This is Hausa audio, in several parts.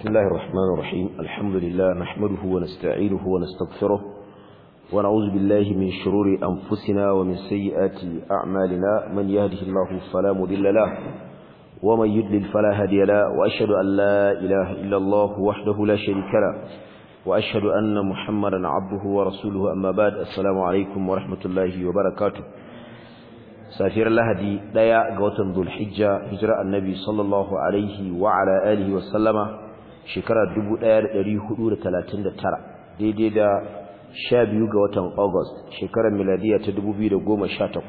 بسم الله الرحمن الرحيم الحمد لله نحمده ونستعينه ونستغفره ونعوذ بالله من شرور أنفسنا ومن سيئات أعمالنا من يهده الله فلا مضل له ومن يضلل فلا هادي له وأشهد أن لا إله إلا الله وحده لا شريك له وأشهد أن محمدا عبده ورسوله أما بعد السلام عليكم ورحمة الله وبركاته سافر الله دي ديا watan ذو الحجة هجرة النبي صلى الله عليه وعلى آله وسلم shekara 1439 daidai da 12 ga watan August shekarar miladiya ta 2018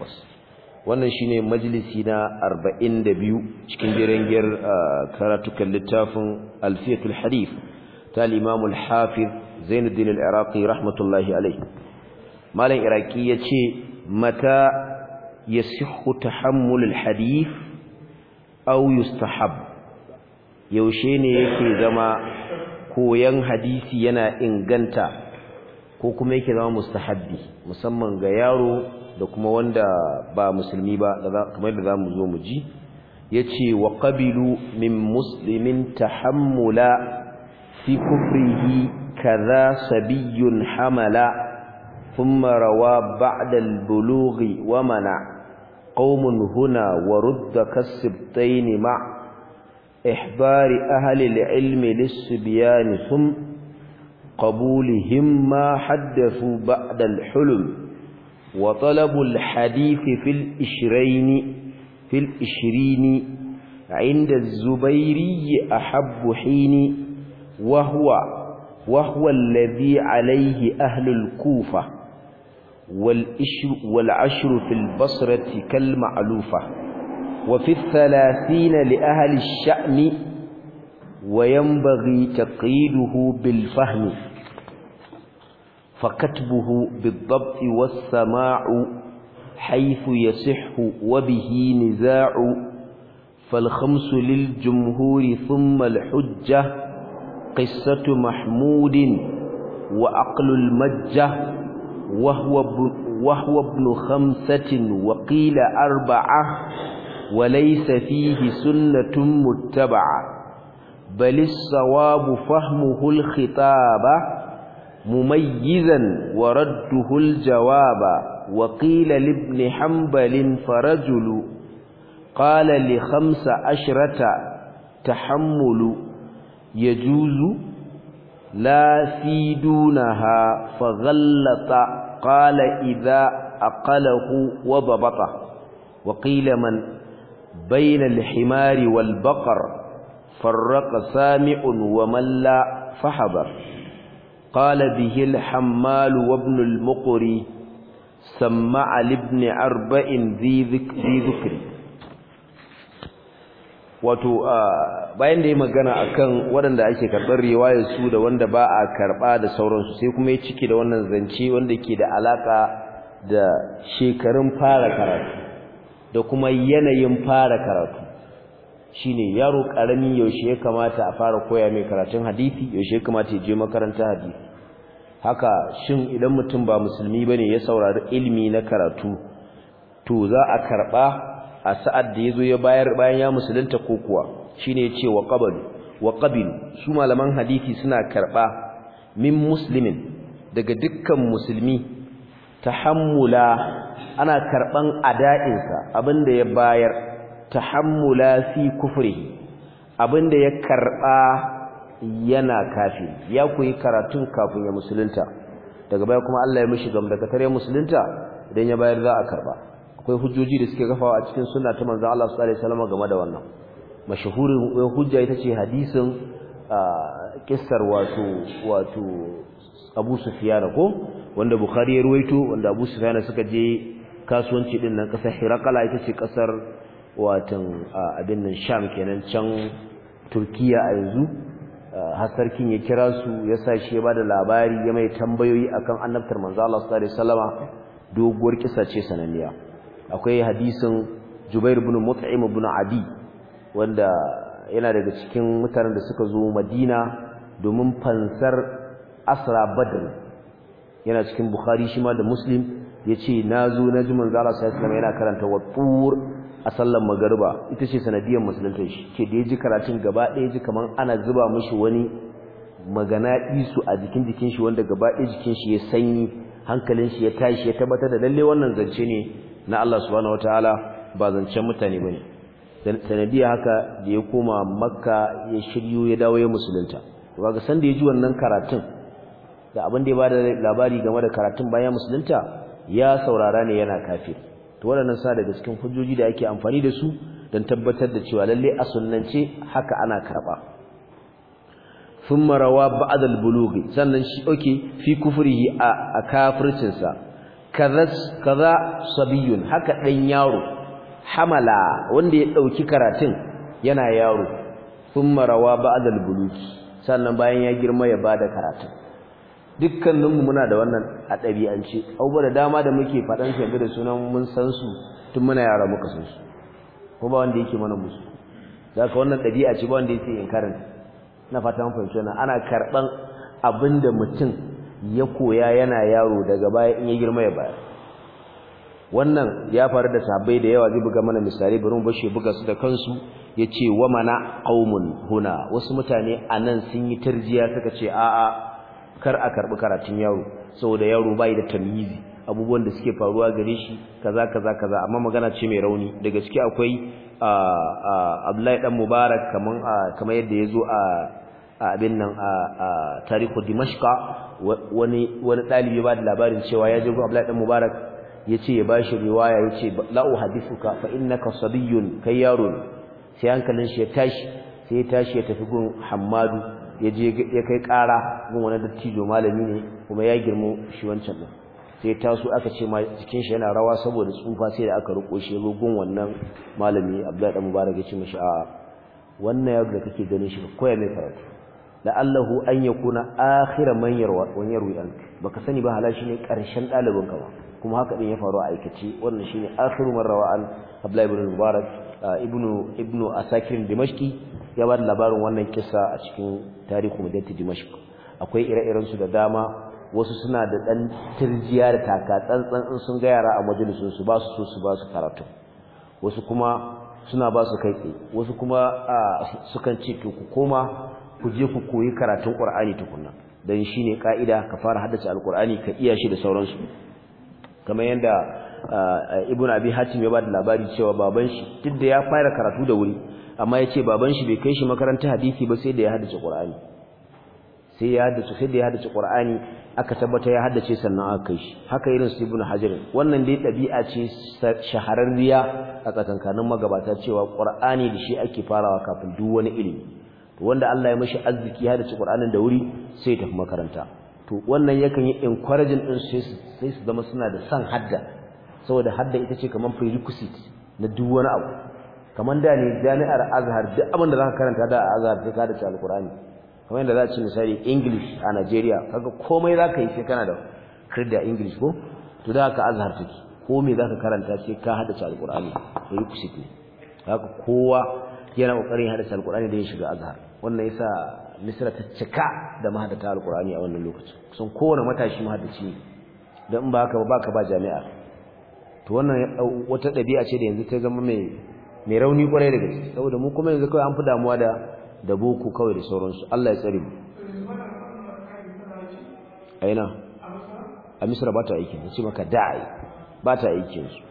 wannan shine majalisi na 42 cikin jirangiyar karatukan littafin Alfiyatul Hadith ta al-Imam al-Hafiz Zainuddin al-Iraqi rahmatullahi alayhi malam Iraqi yace mata yasihhu tahammul al-hadith aw yustahab yaushe ne yake zama koyan hadisi yana inganta ko kuma yake zama mustahabbi musamman ga yaro da kuma wanda ba musulmi ba kamar da mu zo mu ji yace wa ƙabilu min muslimin tahammula fi kufrihi kaza sabiyun hamala ثم روى بعد ƙaumun huna قوم هنا ورد كالسبتين ma. إحبار أهل العلم للسبيان ثم قبولهم ما حدثوا بعد الحلم وطلب الحديث في الإشرين في الإشرين عند الزبيري أحب حين وهو وهو الذي عليه أهل الكوفة والعشر في البصرة كالمعلوفة وفي الثلاثين لأهل الشأن وينبغي تقييده بالفهم فكتبه بالضبط والسماع حيث يصح وبه نزاع فالخمس للجمهور ثم الحجة قصة محمود وعقل المجة وهو ابن خمسة وقيل أربعة وليس فيه سنة متبعة بل الصواب فهمه الخطاب مميزا ورده الجواب وقيل لابن حنبل فرجل قال لخمس عشرة تحمل يجوز لا في دونها فغلط قال إذا أقله وضبطه وقيل من بين الحمار والبقر فرق سامع ومن لا فحضر قال به الحمال وابن المقري سمع لابن أربع ذي ذكر wato bayan da ya magana akan waɗanda ake karɓar riwayar su da wanda ba a karɓa da sauransu sai kuma ya ciki da wannan zance wanda ke da alaƙa da shekarun fara karatu da kuma yanayin fara karatu shine yaro karami yaushe ya kamata a fara koya mai karatun hadisi yaushe ya kamata ya je makaranta hadisi haka shin idan mutum ba musulmi ba ne ya saurari ilimi na karatu to za a karba a sa'ad da ya zo ya bayar bayan ya musulunta ko kuwa shine yace wa qabal wa qabil su malaman hadisi suna karɓa min musulmin daga dukkan musulmi tahammula ana karban ada'insa abinda ya bayar tahammula fi kufri abinda ya karba yana kafi ya koyi karatun kafin ya musulunta daga baya kuma Allah ya mishi daga ya musulunta idan ya bayar za a karba akwai hujjoji da suke gafawa a cikin sunna ta manzo Allah sallallahu alaihi wasallam game da wannan mashhurin eh, hujja ita ce hadisin ah, kissar wato wato Abu Sufyan ko wanda bukhari ya ruwaito wanda abu sufyan suka je kasuwanci din nan kasar hirakala ita ce kasar watan abin nan sham kenan can turkiya a yanzu hasarkin ya kira su ya sa shi ya bada labari ya mai tambayoyi akan annabtar manzo Allah sallallahu alaihi wasallama doguwar kisa ce sananniya akwai hadisin Jubair ibn Mut'im ibn Adi wanda yana daga cikin mutanen da suka zo Madina domin fansar Asra Badr yana cikin bukhari shi ma da muslim yace nazo naji manzo Allah sallallahu alaihi yana karanta wattur a sallan magariba ita ce sanadiyar musulunta shi ke da yaji karatun gaba ɗaya ji kaman ana zuba mishi wani magana isu a jikin jikin shi wanda gaba ɗaya jikin shi ya sanyi hankalin shi ya tashi ya tabbatar da lalle wannan zance ne na Allah subhanahu wataala ba zancen mutane bane sanadiyar haka da ya koma makka ya shiryo ya dawo ya musulunta to ga san da ya ji wannan karatun da abin da ya bada labari game da karatun bayan musulunta ya saurara ne yana kafir to wannan sa daga cikin hujjoji da ake amfani da su don tabbatar da cewa lalle a sunnance haka ana karɓa thumma rawa ba'd al-bulugh sannan shi okay fi kufrihi a kafircin sa kaza sabiyun haka dan yaro hamala wanda ya dauki karatun yana yaro thumma rawa ba'd al-bulugh sannan bayan ya girma ya bada karatun dukkaninmu muna da wannan a ɗabi'ance abubuwa da dama da muke faɗan shi da sunan mun san su tun muna yara muka san su ko ba wanda yake mana musu Za ka wannan ɗabi'a ce ba wanda yake karin na fatan mun fahimci wannan ana karɓan abin da mutum ya koya yana yaro daga baya in ya girma ya baya wannan ya faru da sabai da yawa zai buga mana misali bari mu bashi buga su da kansu yace wa mana qaumun huna wasu mutane anan sun yi tarjiya suka ce a'a kar a karbi karatun yaro saboda yaro bai da tamyizi abubuwan da suke faruwa gare shi kaza kaza kaza amma magana ce mai rauni daga ciki akwai Abdullahi dan Mubarak kaman kamar yadda yazo a abin nan a tarihu Dimashqa wani wani dalibi ba da labarin cewa ya je ga Abdullahi dan Mubarak yace ya bashi riwaya yace la uhaddithuka fa innaka sabiyyun kai yaro sai hankalin shi ya tashi sai ya tashi ya tafi gun Hammadu ya je ya kai ƙara gun wani dattijo malami ne kuma ya girmo shi wancan din sai taso aka ce ma cikin shi yana rawa saboda tsufa sai da aka riko shi zo gun wannan malami Abdullahi dan Mubarak ya ce mishi a wannan yau da kake ganin shi koya mai karatu allahu an yakuna akhira man yarwa wan yarwi an baka sani ba hala ne karshen ɗalibin ka ba kuma haka din ya faru a aikace wannan shine akhiru man rawa an Abdullahi ibn Mubarak ibnu ibnu asakir dimashqi ya ba labarin wannan kisa a cikin tarihu mudatti dimashki akwai ire-iren su da dama wasu suna da dan tirjiya da taka tsantsan in sun ga yara a majalisun su ba su so su ba su karatu wasu kuma suna ba su kai tsaye wasu kuma sukan ce to ku koma ku je ku koyi karatun Qur'ani tukunna dan shine ka'ida ka fara haddace alqur'ani ka iya shi da sauransu kamar yadda. ibn abi hatim ya ba da labari cewa baban shi duk ya fara karatu da wuri amma ya ce baban shi bai kai shi makarantar hadisi ba sai da ya haddace qur'ani sai ya haddace sai da ya haddace qur'ani aka tabbata ya haddace sannan aka kai shi haka irin su ibn hajar wannan dai ɗabi'a ce shahararriya a tsakankanin magabata cewa qur'ani da shi ake farawa kafin duk wani ilimi wanda Allah ya mishi arziki ya haddace qur'anin da wuri sai ya tafi makaranta to wannan yakan yi encouraging din su sai su zama suna da san hadda saboda hadda ita ce kamar prerequisite na duk wani abu kamar da ne jami'ar azhar duk abin da zaka karanta da azhar sai ka da ci alqur'ani kamar yadda za ci misali english a nigeria kaga komai zaka yi sai kana da credit a english ko to da ka azhar take ko me zaka karanta sai ka hada ci alqur'ani prerequisite ne kaga kowa yana kokarin hada ci alqur'ani da ya shiga azhar wannan yasa misra ta cika da mahadata alqur'ani a wannan lokacin kusan kowane matashi mahadaci ne dan ba haka ba ka ba jami'a to wannan wata ɗabi'a ce da yanzu ta zama mai mai rauni kwarai da gaske saboda mu kuma yanzu kawai an fi damuwa da da boko kawai da sauransu Allah ya tsare mu aina a misra ba ta aiki ne ce maka da'i ba ta aiki yanzu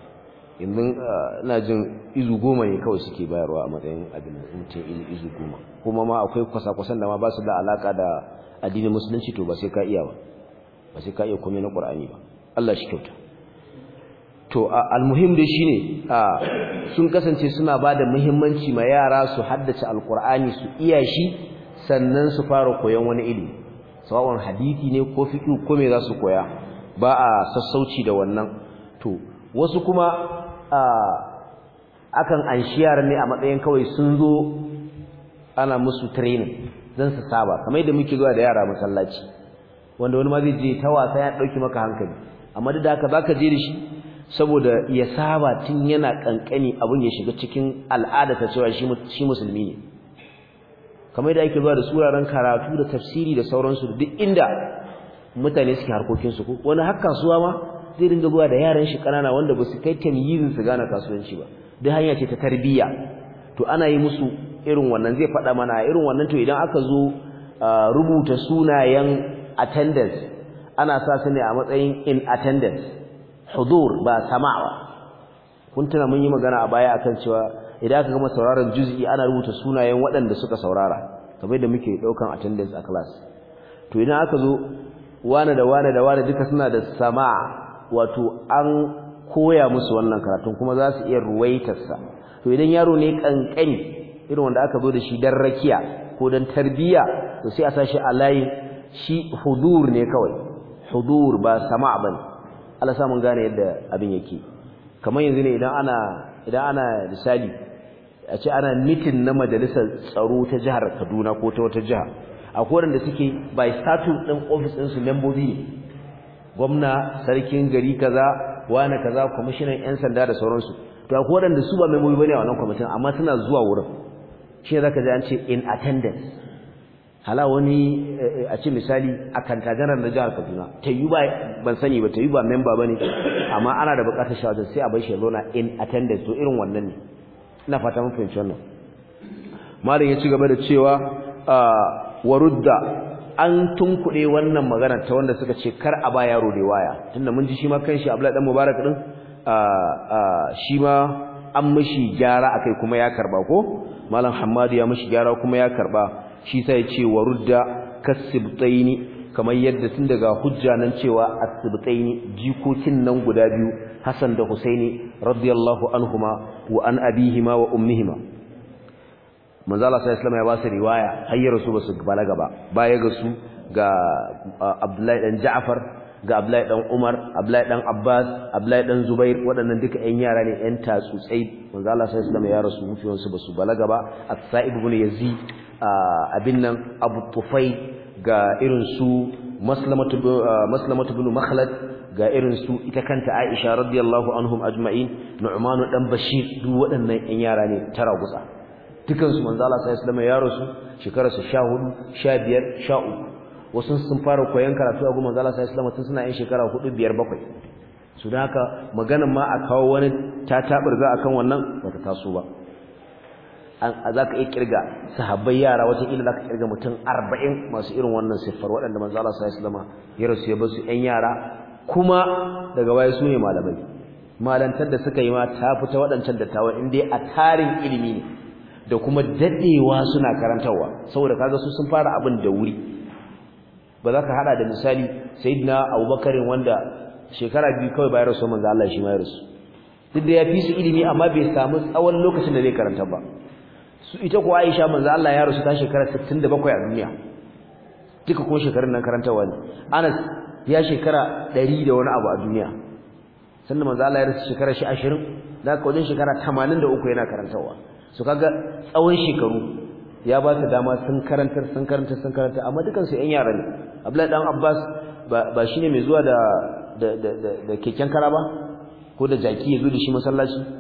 yanzu ah, ina jin izu goma ne kawai suke bayarwa a matsayin abin da mutum izu goma kuma ma akwai kwasa-kwasan da ma ba su da alaka da addinin musulunci to ba sai ka iya ba ba sai ka iya komai na ƙur'ani ba Allah shi kyauta to almuhim dai shine sun kasance suna ba da muhimmanci ma yara su haddace alqur'ani su iya shi sannan su fara koyon wani ilimi sawan hadisi ne ko fiqh ko me za su koya ba a sassauci da wannan to wasu kuma akan anshi yaran ne a matsayin kawai sun zo ana musu training zan su saba kamar yadda muke zuwa da yara masallaci wanda wani ma zai je ta wasa ya dauki maka hankali amma duk da haka baka je da shi saboda ya saba tun yana kankani abin ya shiga cikin al'ada ta cewa shi musulmi ne kamar da ake zuwa da suraren karatu da tafsiri da sauransu da duk inda mutane suke harkokinsu su wani haka kasuwa ma zai dinga zuwa da yaran shi kanana wanda ba su kai tamyizin su gane kasuwanci ba duk hanya ce ta tarbiyya to ana yi musu irin wannan zai faɗa mana a irin wannan to idan aka zo rubuta sunayen attendance ana sa su ne a matsayin in attendance hudur ba sama'a kun tana mun yi magana a baya akan cewa idan aka gama sauraron juz'i ana rubuta sunayen waɗanda suka saurara kamar da muke ɗaukan attendance a class to idan aka zo wane da wane da wane duka suna da sama'a wato an koya musu wannan karatun kuma za su iya ruwaitarsa to idan yaro ne kankani irin wanda aka zo da shi dan rakiya ko dan tarbiya to sai a sashi a layin shi hudur ne kawai hudur ba sama'a bane Allah sa mun gane yadda abin yake kamar yanzu ne idan ana idan ana misali a ce ana mitin na majalisar tsaro ta jihar Kaduna ko ta wata jiha akwai wanda suke by statute din office din su membobi gwamna sarkin gari kaza wani kaza kwamishinan yan sanda da sauransu to akwai wanda su ba membobi bane a wannan committee amma suna zuwa wurin shi zaka ji an ce in attendance hala wani eh, eh, a ce misali a kantagarar da jihar kaduna ta yi ba ban sani ba ta yi ba memba ba ne amma ana da bukatar shawarar sai a bai shi zona in attendance to irin wannan ne na fata mun fahimci wannan malam ya ci gaba da cewa a ah, warudda an tunkuɗe wannan magana ta wanda suka ce kar a ba yaro da waya tunda mun ji shi ma kan shi abdullahi dan mubarak din ah, ah, shi ma an mishi gyara akai kuma ya karba ko malam hammadu ya mishi gyara kuma ya karba shi sai ce wa rudda kasibtaini kamar yadda tun daga hujja nan cewa asibtaini jikokin nan guda biyu Hassan da Husaini radiyallahu anhuma wa an abihima wa ummihima manzo Allah sai ya ba su riwaya ba su basu balaga ba baya ga su ga Abdullahi dan Ja'far ga Abdullahi dan Umar Abdullahi dan Abbas Abdullahi dan Zubair waɗannan duka ƴan yara ne ƴan tatsutsai manzo Allah sai ya rasu mutuwansu basu balaga ba As-Sa'ib ibn Yazid abin nan abu tufai ga irin su maslamatu bin makhlad ga irin su ita kanta aisha radiyallahu anhum ajma'in nu'manu dan bashir duk waɗannan yan yara ne tara gutsa dukan su manzo Allah sallallahu alaihi yaro su shekarar su 14 15 13 wasu sun fara koyon karatu a goma manzo sai sallallahu tun suna yin shekara 4 5 7 su da haka maganan ma a kawo wani ta tabar za akan wannan bata taso ba za ka iya kirga sahabbai yara ila za ka kirga mutum arba'in masu irin wannan siffar waɗanda manzo Allah sallallahu zama ya rasu ya su ƴan yara kuma daga baya su ne malamai malantar da suka yi ma ta fita waɗancan dattawan in dai a tarin ilimi ne da kuma daɗewa suna karantarwa saboda kaga su sun fara abin da wuri ba za ka hada da misali sayyidina Abubakar wanda shekara biyu kawai bayar rasu manzo Allah shi ma ya rasu duk da ya fi su ilimi amma bai samu tsawon lokacin da zai karanta ba su ita ko Aisha manzo Allah ya rasu ta shekara 67 a duniya duka ko shekarun nan karantawa ne Anas ya shekara 100 da wani abu a duniya sannan manzo Allah ya rasu shekara shi 20 zaka wajen shekara 83 yana karantawa su kaga tsawon shekaru ya ba su dama sun karantar sun karantar sun karantar amma dukan su yan yara ne Abdullahi dan Abbas ba shine mai zuwa da da da keken kara ba ko da jaki ya zo da shi masallaci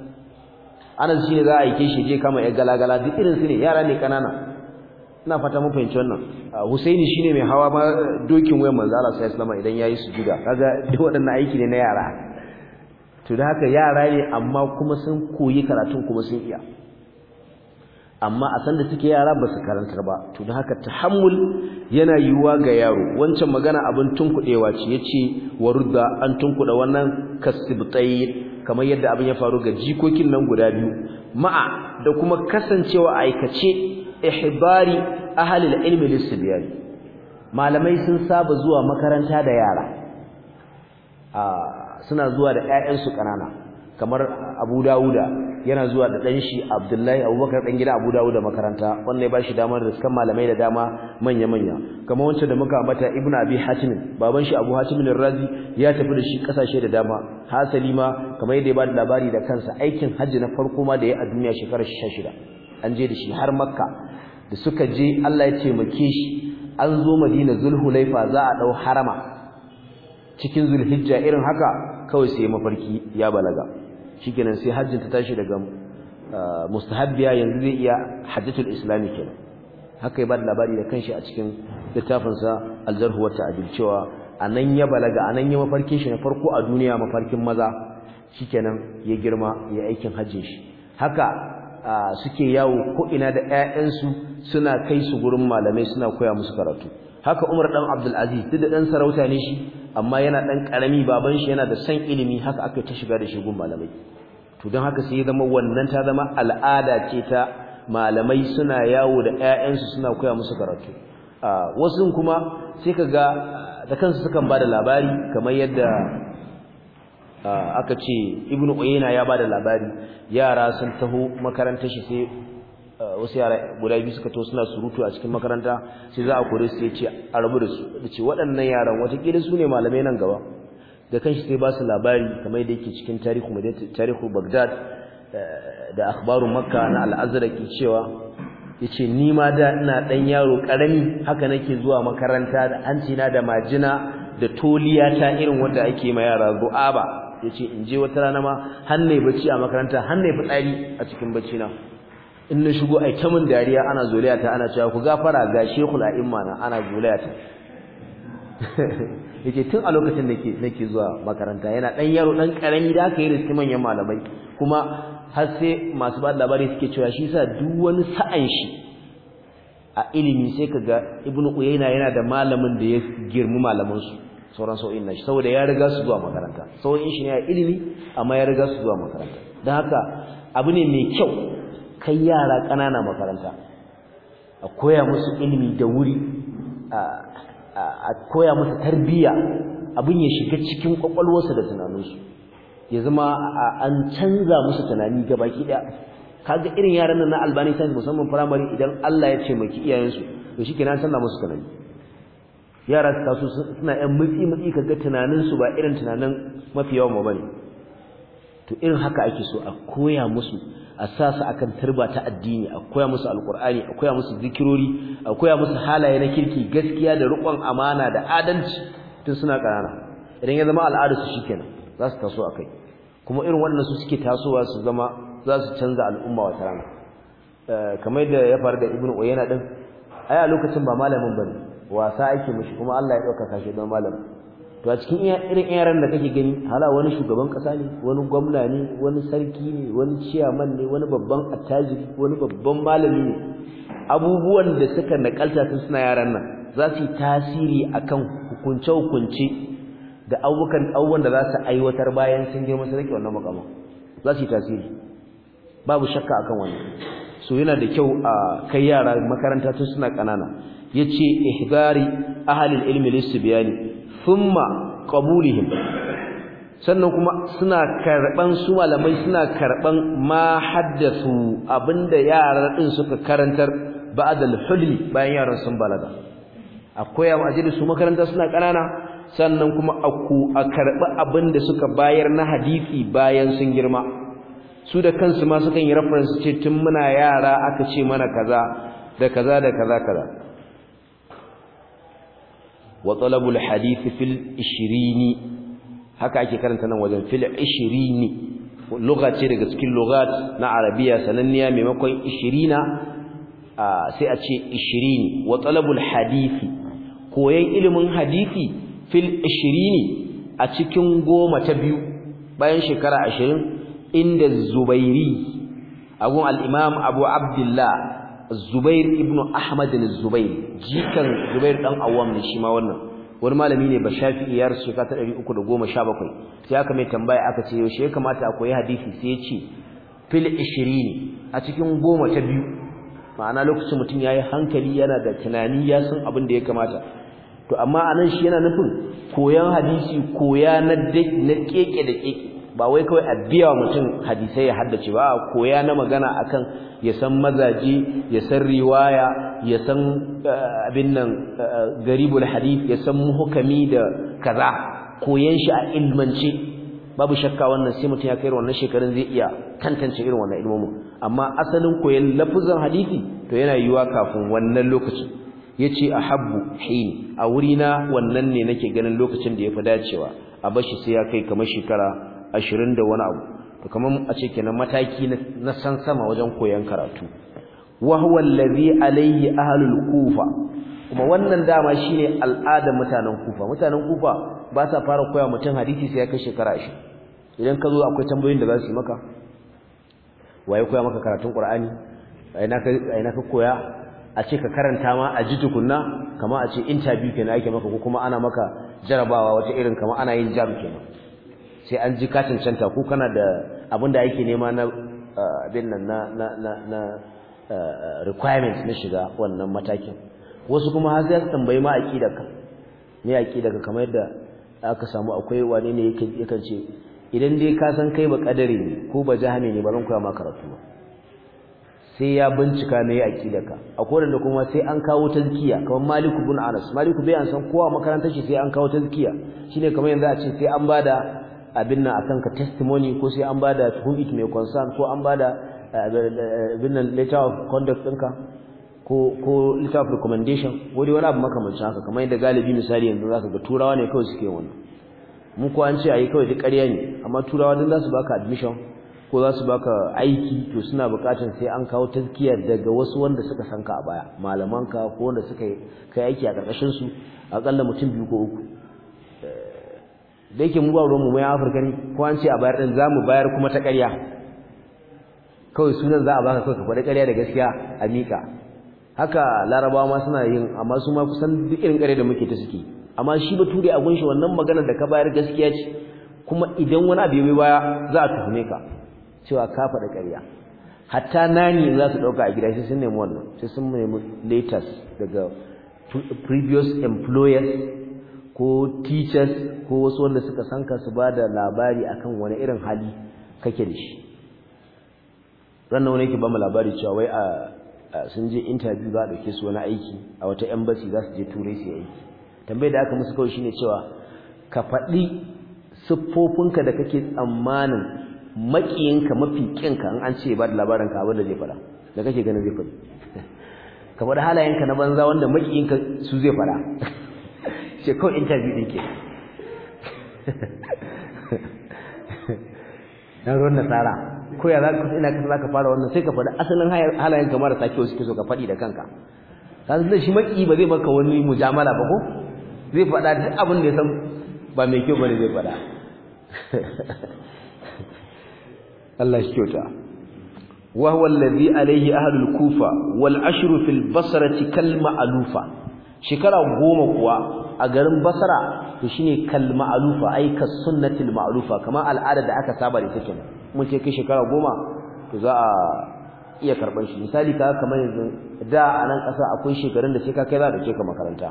anas shine za a aike shi je kama ya galagala duk irin su ne yara ne kanana ina fata mun fahimci wannan husaini shine mai hawa ma dokin wayan manzo Allah sallallahu alaihi wasallam idan yayi sujuda kaga duk waɗannan aiki ne na yara to da haka yara ne amma kuma sun koyi karatun kuma sun iya amma a sanda suke yara ba su karantar ba to da haka tahammul yana yiwuwa ga yaro wancan magana abin tunkuɗewa ce yace warudda an tunkuɗa wannan kasibtai kamar yadda abin ya faru ga jikokin nan guda biyu ma'a da kuma kasancewa aikace ihbari ahlul ilmi lisbiyani malamai sun saba zuwa makaranta da yara ah, suna zuwa da 'ya'yansu ƙanana kamar Abu Dawuda yana zuwa da dan shi Abdullahi Abubakar dan gida Abu Dawuda makaranta wannan ya bashi damar da sukan malamai da dama manya manya kamar wancan da muka mata Ibn Abi Hatim baban shi Abu Hatim al-Razi ya tafi da shi kasashe da dama hasali ma kamar yadda ya bada labari da kansa aikin hajji na farko ma da ya a duniya shekarar 16 an je da shi har Makka da suka je Allah ya taimake shi an zo Madina Zulhulaifa za a ɗau harama cikin Zulhijja irin haka kawai sai mafarki ya balaga shikenan sai hajjin ta tashi daga ah, mustahabbiya yanzu zai iya hajjatul islami kenan haka ya bada labari da kanshi a cikin littafinsa aljarhu wata adil cewa a nan ya balaga a nan ya mafarkin shi na farko a duniya mafarkin maza shikenan ya girma ya aikin hajjin shi haka ah, suke yawo ko'ina da 'ya'yansu suna kai su gurin malamai suna koya musu karatu haka Umar dan Abdul Aziz duk da dan sarauta ne shi amma yana ɗan karami baban shi yana da san ilimi haka aka ta shiga da shi gun malamai to don haka sai ya zama wannan ta zama al'ada ce ta malamai suna yawo da 'ya'yansu suna koya musu karatu wasu kuma sai ka ga da kansu sukan ba da labari kamar yadda aka ce ibnu uyayna ya ba da labari yara sun taho makarantar shi sai wasu yara guda biyu suka to suna surutu a cikin makaranta sai za a kore su ya ce a rabu da su da ce waɗannan yaran watakila su ne malamai nan gaba da kanshi sai ba su labari kamar da yake cikin tarihu tarihu bagdad eh, da akhbaru makka na ke cewa yace ni ma da ina ɗan yaro ƙarami, haka nake zuwa makaranta da hancina da majina da toliya ta irin wanda ake ma yara ya yace in je wata rana ma hanne bacci a makaranta fi fitsari a cikin bacci na in na shigo ai ta mun dariya ana zolaya ta ana cewa ku gafara ga shekul a'imma na ana zolaya ta yake tun a lokacin da ke nake zuwa makaranta yana dan yaro dan karami da aka yi riski manyan malamai kuma har sai masu bada labari suke cewa shi sa duk wani sa'an shi a ilimi sai kaga ibnu uyayna yana da malamin da ya girmi malaman su sauran sau'in nashi saboda ya riga su zuwa makaranta sau'in shi ne a ilimi amma ya riga su zuwa makaranta don haka abu ne mai kyau kai yara ƙanana makaranta a koya musu ilimi da wuri a koya musu tarbiyya abin ya shiga cikin kwakwalwarsu da tunaninsu ya zama an canza musu tunani gabaki ɗaya kaga irin yaran nan na albani sai musamman primary idan Allah ya ce maki iyayensu to shikenan sanna musu tunani yara su taso suna yan mutsi mutsi kaga tunanin su ba irin tunanin mafi yawan ba bane to irin haka ake so a koya musu a sa su akan turba ta addini a koya musu alkur'ani a koya musu zikirori a koya musu halaye na kirki gaskiya da riƙon amana da adalci tun suna ƙanana idan ya zama al'ada su shikenan za su taso akai kuma irin wannan su suke tasowa su zama za su canza al'umma wata rana eh, kamar da ya faru da ibnu uyayna din ai a lokacin ba malamin bane wasa ake mishi kuma Allah ya ɗauka kashi don malamin to a cikin irin yaran da kake gani hala wani shugaban kasa ne wani gwamna ne wani sarki ne wani ciyaman ne wani babban attajiri wani babban malami ne abubuwan da suka nakalta tun suna yaran nan za su yi tasiri akan hukunce hukunce da abubukan abubuwan da za su aiwatar bayan sun girma su rike wannan za su yi tasiri babu shakka akan wannan Su yana da kyau a kai yara makaranta tun suna ƙanana yace ihbari ahlul ilmi biyani. thumma qabulihim sannan kuma suna karban su malamai suna karban ma haddasu abinda yaran din suka karantar ba'dal hulmi bayan yaran sun balaga akwai a su makaranta suna kanana sannan kuma aku a karbi abinda suka bayar na hadisi bayan sun girma su da kansu ma sukan yi reference ce tun muna yara aka ce mana kaza da kaza da kaza kaza wa talabul hadith fil 20 haka ake karanta nan wajen fil 20 Lugaci daga cikin lughat na arabiya sananniya maimakon 20 sai a ce 20 wa talabul hadith koyan ilimin hadisi fil 20 a cikin goma ta biyu bayan shekara 20 inda zubairi agun al-imam abu abdullah Zubair ibn Ahmad al-Zubair jikan Zubair dan Awwam ne shi ma wannan wani malami ne ba Shafi'i ya rasu shekara ta 317 sai aka mai tambaya aka ce yaushe ya kamata a koyi hadisi sai ya ce fil 20 a cikin goma ta biyu ma'ana lokacin mutum yayi hankali yana da tunani ya san abin da ya kamata to amma anan shi yana nufin koyan hadisi koya na na keke da keke ba wai kawai a biya wa mutum hadisai ya haddace ba koya na magana akan ya san mazaji ya san riwaya ya san eh, abin nan eh, garibul hadith ya san muhukami da kaza koyan shi a ilmance babu shakka wannan sai mutum ya kai wannan shekarun zai iya tantance irin wannan ilmomin amma asalin koyan lafuzan hadisi to yana yiwuwa kafin wannan lokacin ya ce a ahabbu hin a wurina wannan ne nake ganin lokacin da ya yafi dacewa a bashi sai ya kai kamar shekara ashirin da wani abu to kamar a ce kenan mataki na san sama wajen koyon karatu wa huwa allazi alayhi ahlul kufa kuma wannan dama shine al'ada mutanen kufa mutanen kufa ba sa fara koya mutum hadisi sai ya kai shekara 20 idan ka zo akwai tambayoyin da za su yi maka waye koya maka karatun qur'ani aina ka aina ka koya a ce ka karanta ma a ji tukunna kama a ce interview kenan ake maka ko kuma ana maka jarabawa wata irin kama ana yin jam kenan sai an ji kacin canta ko kana da abin da ake nema na abin nan na na na na requirement na shiga wannan matakin wasu kuma har sai su tambayi ma aqidar ka me aqidar ka kamar yadda aka samu akwai wani ne yake yakan ce idan dai ka san kai ba kadari ne ko ba jahani ne ba zan koya ma karatu ba sai ya bincika me aqidar a akwai da kuma sai an kawo tazkiya kamar Malik ibn Anas Malik bai an san kowa makarantar shi sai an kawo tazkiya shine kamar yanzu a ce sai an bada abin nan akan ka testimony ko sai an bada who it may concern ko an bada eh, eh, eh, abin nan letter of conduct ɗinka ko ko letter of recommendation ko dai wani abu makamancin haka kamar yadda galibi misali yanzu zaka ga turawa ne kawai suke wani mu ko an ce ayi kawai duk ƙarya ne amma turawa dan za su baka admission ko za su baka aiki to suna buƙatar sai an kawo tazkiya daga wasu wanda suka san ka a baya malamanka ko wanda suka kai aiki a ƙarƙashin su akalla mutum biyu ko uku da yake mu ba ruwanmu mai afirka ne ko an ce a bayar ɗin za bayar kuma ta ƙarya kawai sunan za a baka kawai ka faɗi ƙarya da gaskiya a miƙa haka larabawa ma suna yin amma su ma kusan duk irin ƙarya da muke ta suke amma shi bature a gunshi wannan maganar da ka bayar gaskiya ce kuma idan wani abu ya baya za a tuhume ka cewa ka faɗi ƙarya hatta nani za su ɗauka a gida shi sun nemi wannan sai sun nemi letters daga previous employers ko teachers ko wasu wanda suka san ka su bada labari akan wani irin hali kake da shi ranar wani yake ba mu labari cewa wai a sun je interview za a dauke su wani aiki a wata embassy za su je turai su aiki tambayar da aka musu kawai shine cewa ka faɗi siffofinka da kake tsammanin maƙiyinka mafi ƙinka in an ce ba da labarin ka abin da zai faɗa da kake ganin zai faɗi ka faɗi halayenka na banza wanda maƙiyinka su zai faɗa ce kawai interview din ke dan ruwan nasara ko ya za ka ina ka za ka fara wannan sai ka faɗi asalin halayen ka marasa kyau suke so ka faɗi da kanka kaga zai shi maki ba zai baka wani mujamala ba ko zai faɗa duk abin da ya san ba mai kyau bane zai faɗa Allah shi kyauta wa huwa alladhi alayhi ahlul kufa wal ashru fil basrati kal ma'lufa shekara goma kuwa a garin Basara, to shine kal ma'alufa aika sunnatin sunnatil kamar al'ada da aka saba da ita kenan mun ce kai shekara goma to za a iya karban shi misali ka kamar yanzu da a nan ƙasa akwai shekarun da sai ka kai za a ke ka makaranta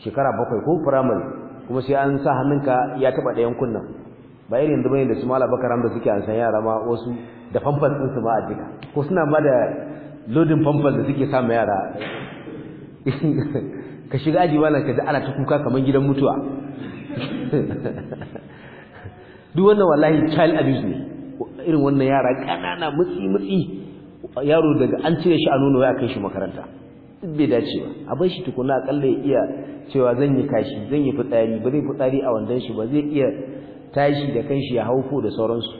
shekara bakwai ko firamare kuma sai an sa hannunka ya taɓa ɗayan kunnan ba irin yanzu bane da su mala bakaram da suke an san yara ma wasu da famfas ɗin su ba a jika ko suna ma da lodin famfas da suke sa yara ka shiga aji malam ka ji ana ta kuka kamar gidan mutuwa duk wannan wallahi child abuse ne irin wannan yara kanana mutsi mutsi yaro daga an cire shi a nono ya kai shi makaranta duk bai dace ba a bar shi tukuna akalla ya iya cewa zan yi kashi zan yi fitsari ba zai fitsari a wandan shi ba zai iya tashi da kanshi ya haufo da sauransu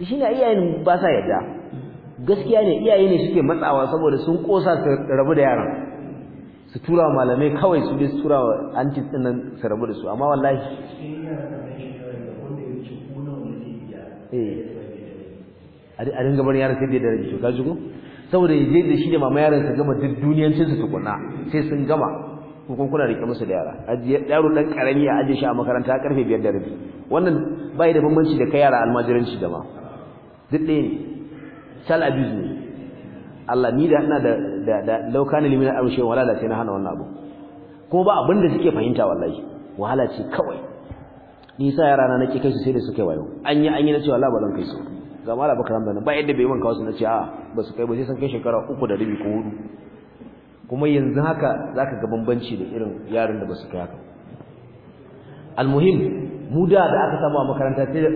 shi ne iyayen ba sa yadda gaskiya ne iyaye ne suke matsawa saboda sun kosa su rabu da yaran su tura malamai kawai su bi su tura antis din nan su rabu da su amma wallahi eh, a dinga bar yaran sai da rage kaji ko saboda yaje da shi da mama yaran su gama duk duniyancin su tukuna sai sun gama ko kun kuna rike musu da yara ajiye yaro dan karami a ajiye shi a makaranta karfe 5 da rabi wannan bai da bambanci da kai yara almajiranci da ma duk ɗaya ne sal abuse ne Allah ni da ina da da law limina amshi wala la sai na hana wannan abu ko ba abin da suke fahimta wallahi wahala ce kawai ni sa yara na nake kai su sai da suke wayo an yi an yi na cewa la ba zan kai su ga mala bakar nan ba yadda bai man kawo su na ce a ba su kai ba sai san kai shekara uku da rabi ko hudu kuma yanzu haka zaka ga bambanci da irin yaran da ba su kai haka almuhim mu da da aka samu a makaranta sai da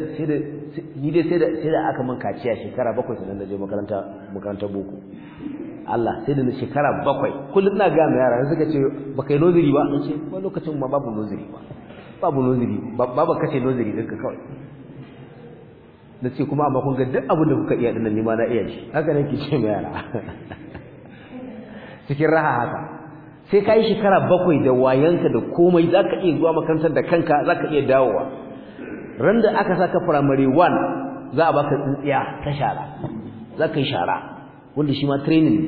ni dai sai da aka man kaciya shekara bakwai sannan da je makaranta makaranta boko Allah sai da na shekara bakwai kullum na ga mai yara suka ce ba kai noziri ba in ce ba lokacin ma babu noziri ba babu noziri ka kace noziri daga kawai na ce kuma amma kun ga duk abin da kuka iya dinnan ni ma na iya shi haka nake ce mai yara cikin raha haka sai ka yi shekara bakwai da wayanka da komai za ka iya zuwa makarantar da kanka za ka iya dawowa ran da aka saka firamare 1 za a baka tsintsiya ta shara za ka yi shara wanda shi ma training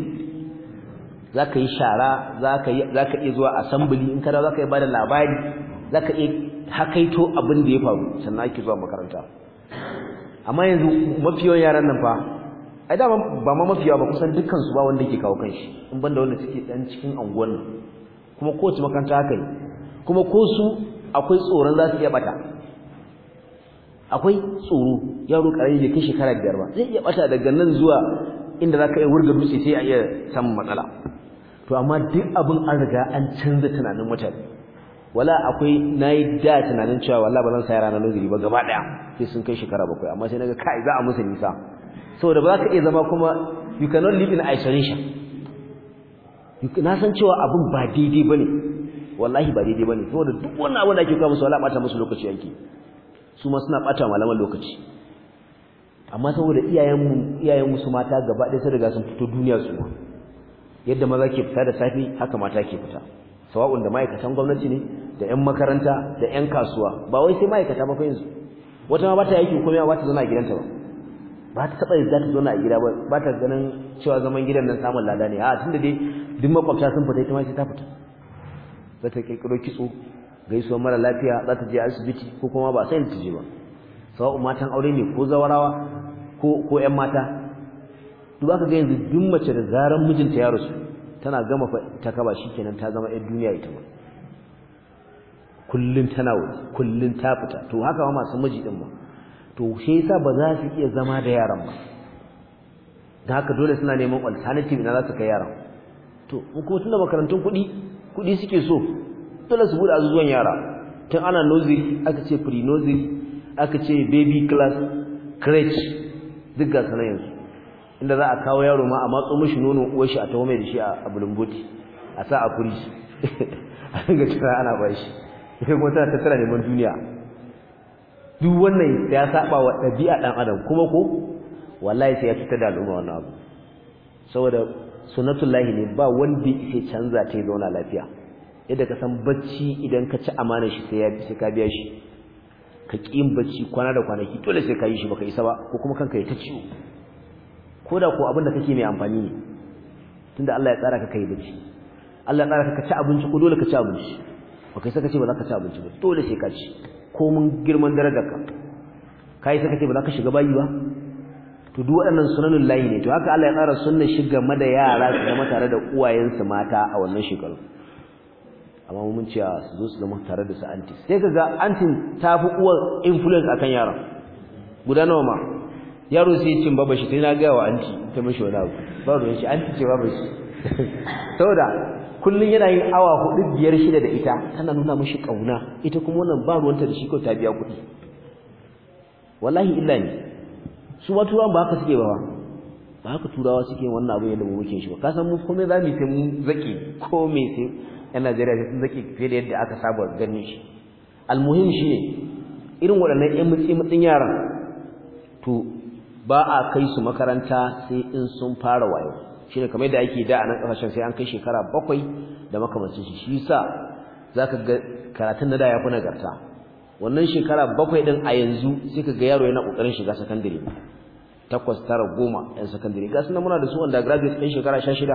za ka yi shara za ka iya zuwa assembly in kada za ka yi da labari za ka iya hakaito abin da ya faru sannan ake zuwa makaranta amma yanzu mafiyan yaran nan fa ai dama ba ma yawa ba kusan dukansu ba wanda ke kawo kanshi in ban da wanda suke dan cikin anguwan kuma kowace makaranta haka yi? kuma ko su akwai tsoron za su iya bata akwai tsoro yaro karami bai kai shekara biyar ba zai iya bata daga nan zuwa inda za ka iya wurga dutse sai a iya samun matsala to amma duk abin an riga an canza tunanin mutane wala akwai na yi da tunanin cewa wala ba zan saya ranar nazari ba gaba ɗaya sai sun kai shekara bakwai amma sai naga kai za a musu nisa saboda ba za ka iya zama kuma you cannot live in isolation na san cewa abin ba daidai ba ne wallahi ba daidai ba ne saboda duk wannan abin da ake kawo musu wala ɓata musu lokaci yanki su ma suna ɓata malaman lokaci amma saboda iyayenmu iyayenmu mata gaba ɗaya sun riga sun fito duniya su ma yadda maza ke fita da safe haka mata ke fita sawa'un da ma'aikatan gwamnati ne da 'yan makaranta da 'yan kasuwa ba wai sai ma'aikata ba fa yanzu wata ma bata yaki komai ba ta zauna a gidanta ba ba ta taba yadda ta zauna a gida ba ba ta ganin cewa zaman gidan nan samun lada ne a tunda dai duk makwabta sun fita ita ma sai ta fita za ta kirkiro kitso gaisuwa mara lafiya za ta je asibiti ko kuma ba sai ta je ba sawa'un matan aure ne ko zawarawa ko ko ƴan mata duk aka ga yanzu duk mace da zaran mijinta ya rasu tana gama ta kaba shikenan ta zama ƴar duniya ita ma kullun tana wuri kullun ta fita to haka ma masu miji din ma to shi yasa ba za su iya zama da yaran ba da haka dole suna neman alternative na za su kai yaran to ko tunda makarantun kuɗi kuɗi suke so dole su bude azuzuwan yara tun ana nursery aka ce pre nursery aka ce baby class crèche duk ga su inda za a kawo yaro ma a matso mishi nono uwar shi a taho mai da shi a bulunguti a sa a kuri shi. a dinga kira ana ba shi sai kuma tana tattara neman duniya duk wannan ya saba wa ɗabi'a ɗan adam kuma ko wallahi sai ya cutar da al'umma wannan abu saboda sunnatullahi ne ba wanda yake canza ta zauna lafiya yadda ka san bacci idan ka ci amana shi sai ya sai ka biya shi ka ƙin bacci kwana da kwanaki dole sai ka yi shi baka isa ba ko kuma kanka ya ta ciwo ko da ko abin da kake mai amfani ne tunda Allah ya tsara ka kai bacci Allah ya tsara ka ci abinci ko dole ka ci abinci baka isa ka ce ba za ka ci abinci ba dole sai ka ci ko mun girman darajar ka kai sai ka ce ba za ka shiga bayi ba to duk waɗannan sunanin layi ne to haka Allah ya tsara sunnar shiga da yara su zama tare da uwayensu mata a wannan shekaru amma mun ce ah, su zo su zama tare da su anti sai kaga antin ta fi uwar influence akan yaron guda nawa ma yaro sai cin baba shi sai na gaya wa anti ta mashi wani abu ba ruwan shi anti ce baba shi saboda kullum yana yin awa hudu biyar shida da ita tana nuna mashi kauna ita kuma wannan ba ruwanta da shi kawai ta biya kuɗi wallahi illa ne su ba turawan ba haka suke ba ba haka turawa suke wannan abu yadda mu muke shi ba ka san mu komai za mu sai mu zaki komai sai yan Najeriya sun zaki fiye da yadda aka saba ganin shi almuhim ne, irin waɗannan yan mutsi mutsin yaran to ba a kai su makaranta sai in sun fara wayo shine kamar yadda ake da a nan ƙasashen sai an kai shekara bakwai da makamancin shi shi za ka ga karatun na da ya fi nagarta wannan shekara bakwai ɗin a yanzu sai ka ga yaro yana ƙoƙarin shiga sakandare takwas tara goma yan sakandare ga sunan muna da su wanda graduate ɗin shekara sha shida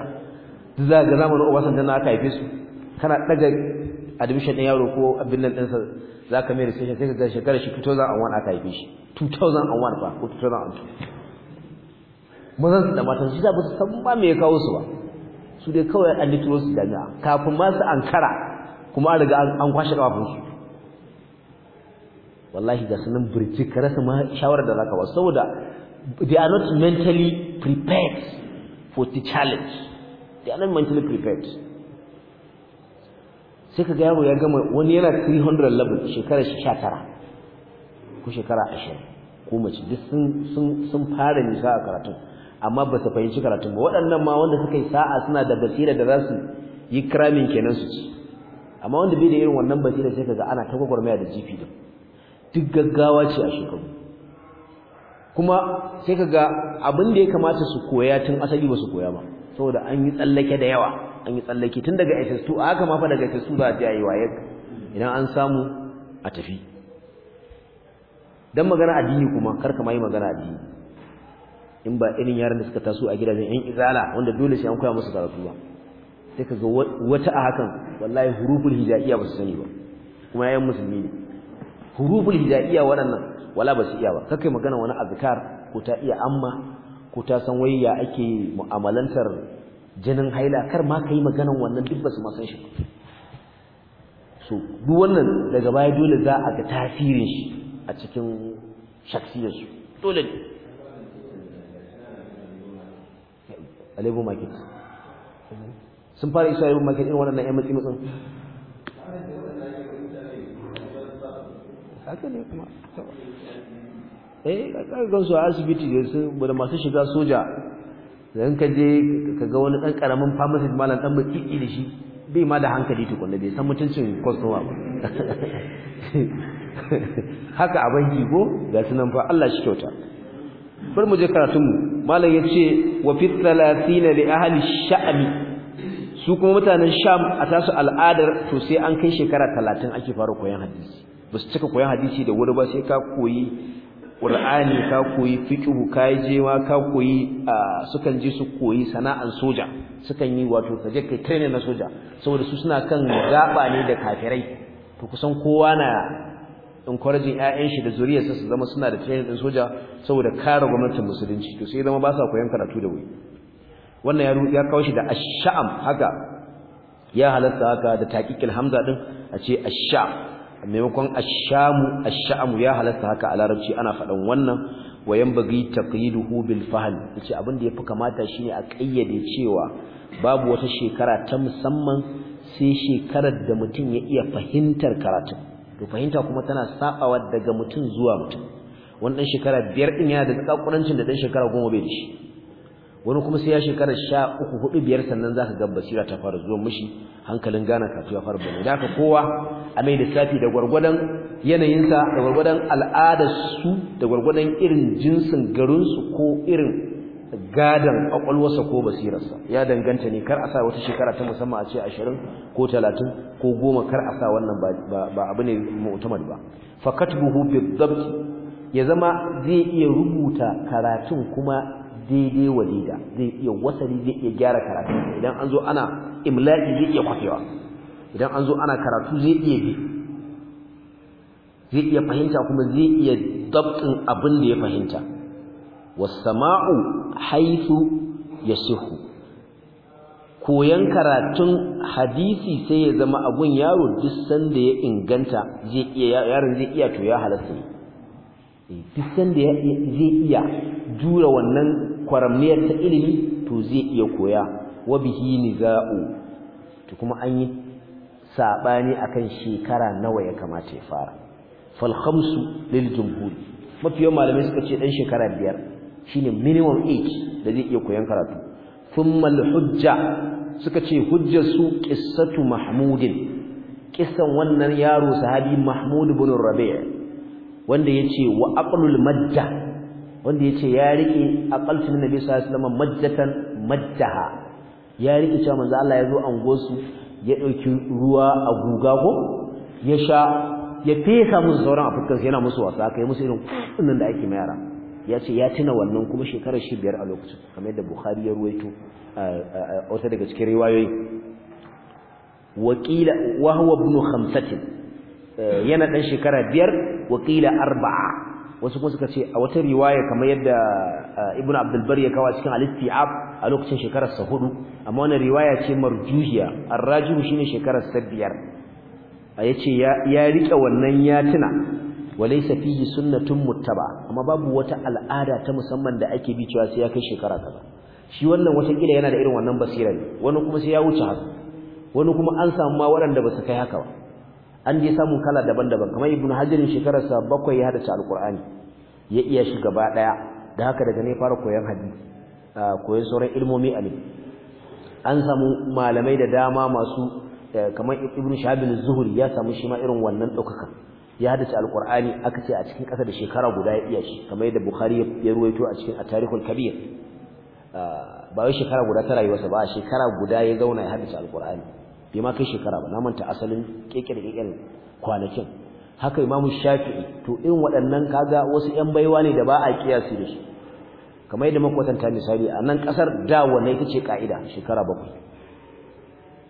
za ga zamanin Obasanjo na aka haife su kana daga admission din yaro ko abin nan ɗinsa za ka mai recession sai ka ga shekarar shi 2001 aka haife shi 2001 fa ko 2002 mazan da matan shi da ba su san ba me ya kawo su ba su dai kawai an litiro su jami'a kafin ma su ankara kuma an riga an kwashe kafin su wallahi ga sunan birci ka rasa ma shawarar da za ka ba saboda they are not mentally prepared for the challenge they are not mentally prepared sai ka ga yaro ya gama wani yana 300 level shekara 19 ko shekara 20 ko mace duk sun sun sun fara nisa a karatun amma ba su fahimci karatun ba waɗannan ma wanda suka yi sa'a suna da basira da za su yi kiramin kenan su ci amma wanda bai da irin wannan basira sai ga ana ta gwagwarmaya da jifi din duk gaggawa ce a shekaru kuma sai ga abin da ya kamata su koya tun asali ba su koya ba saboda an yi tsallake da yawa an yi tsallake tun daga SS2 a haka ma fa daga SS2 za a yi waye idan an samu a tafi Don magana addini kuma kar ka yi magana addini in ba irin yaran da suka taso a gidajen yan izala wanda dole sai an koya musu karatu ba sai ka ga wata a hakan wallahi hurufun hijaiya ba su sani ba kuma yayan musulmi ne hurufun hijaiya waɗannan wala ba su iya ba kakai magana wani azkar ko ta iya amma ko ta san wai ya ake mu'amalantar jinin haila kar ma kai maganan wannan duk basu ma san shi so duk wannan daga baya dole za a ga tasirin shi a cikin shaksiyar su dole ne lebo market sun fara isa alebu market irin wannan yan matsi haka ne kuma eh ga su a asibiti da su da masu shiga soja zan ka je ka ga wani ɗan ƙaramin pharmacy malam ɗan baki da shi bai ma da hankali tukunna bai san mutuncin customer ba haka a banki ko ga sunan fa Allah shi kyauta bar mu je karatunmu malam ya ce wa fi 30 li ahli sha'mi su kuma mutanen sham a tasu al'adar to sai an kai shekara 30 ake fara koyon hadisi ba su cika koyon hadisi da wuri ba sai ka koyi Qur'ani ka koyi fiqhu ka je ma ka koyi sukan je su koyi sana'an soja sukan yi wato kaje kai training na soja saboda su suna kan gaba ne da kafirai to kusan kowa na encouraging ƴaƴan shi da zuriyarsa su zama suna da training din soja saboda kare gwamnatin musulunci to sai zama ba sa koyan karatu da wuri wannan ya ya kawo shi da ash-sha'am haka ya halatta haka da taqiqil hamza din a ce ash-sha'am maimakon ashamu ashamu ya halasta haka a larabci ana faɗan wannan wayan bagi taqiduhu bil fahl yace abin da yafi kamata shine a kayyade cewa babu wata shekara ta musamman sai shekarar da mutum ya iya fahimtar karatu to fahimta kuma tana sabawa daga mutum zuwa mutum wannan shekara biyar din yana da tsakurancin da dan shekara goma bai da shi wani kuma sai ya shekara sha uku hudu biyar sannan zaka ga basira ta fara zuwa mishi hankalin gana ka ya fara bane haka kowa a mai lissafi da gwargwadon yanayinsa da gwargwadon al'adarsu, da gwargwadon irin jinsin garinsu ko irin gadan kwakwalwarsa ko basirarsa ya danganta ne kar a sa wata shekara ta musamman a ce ashirin ko talatin ko goma kar a sa wannan ba abu ne mu'tamad ba Fakat buhu bi ya zama zai iya rubuta karatun kuma daidai walida zai iya wasali zai iya gyara karatu idan an zo ana imla'i zai iya kwafewa idan an zo ana karatu zai iya bi zai iya fahimta kuma zai iya dabtin abin da ya fahimta wasama'u ya yasihu koyan karatun hadisi sai ya zama abun yaro duk sanda ya inganta yaron zai iya to ya halasta ne eh, duk sanda zai iya jura wannan kwaramniyar ta ilimi to zai iya koya wa bihi niza'u to kuma an yi sabani akan shekara nawa ya kamata ya fara fal khamsu lil jumhur yawan malamai suka ce dan shekara biyar shine minimum age da zai iya koyan karatu thumma al hujja suka ce hujjar su qissatu mahmudin kisan wannan yaro sahabi mahmud ibn rabi' wanda yace wa aqlul majja wanda ce ya riƙe ya min nabi sallallahu alaihi wasallam majjatan majjaha ya riƙe cewa manzo Allah ya zo su ya ɗauki ruwa a guga ko ya sha ya fesa musu sauran a fuskar yana musu wasa kai musu irin kunnan da ake mayara ya ce ya tuna wannan kuma shekarar shi biyar a lokacin kamar yadda Bukhari ya ruwaito wata daga cikin riwayoyi wakila wa huwa ibn eh, yana dan shekara biyar wakila arba'a wasu kuma suka ce a wata riwaya kamar yadda eh, ibnu abdul Bari ya kawo cikin al-istiab a lokacin shekarar sa hudu amma wannan riwaya ce marjuhiya ar-rajihu shine shekarar sa biyar yace ya ya rike wannan ya tuna walaysa fihi sunnatun muttaba amma babu wata al'ada ta musamman da ake bi cewa sai ya kai shekara kaza shi wannan wata kila yana da irin wannan basira ne wani kuma sai ya wuce haka wani kuma an samu ma waɗanda ba su kai haka ba an je samun kala daban-daban kamar ibnu hajarin shekararsa bakwai ya hadace alqur'ani ya iya shi gaba daya da haka daga ne fara koyon hadisi koyon sauran ilmomi a an samu malamai da dama masu eh, kamar Ibn Shabin zuhuri ya samu shi ma irin wannan daukaka ya hadace alqur'ani aka ce a cikin kasa da shekara guda ya iya shi kamar yadda bukhari ya ruwaito a cikin atarikul kabir ba wai shekara guda ta rayuwarsa ba shekara guda ya zauna ya hadace alqur'ani bai ma kai shekara ba na manta asalin kekere kekere kwanakin haka imamu shafi'i to irin waɗannan kaga wasu ƴan baiwa ne da ba a kiyasi da su kamar yadda muka kwatanta misali a nan ƙasar da wannan ita ce ka'ida shekara bakwai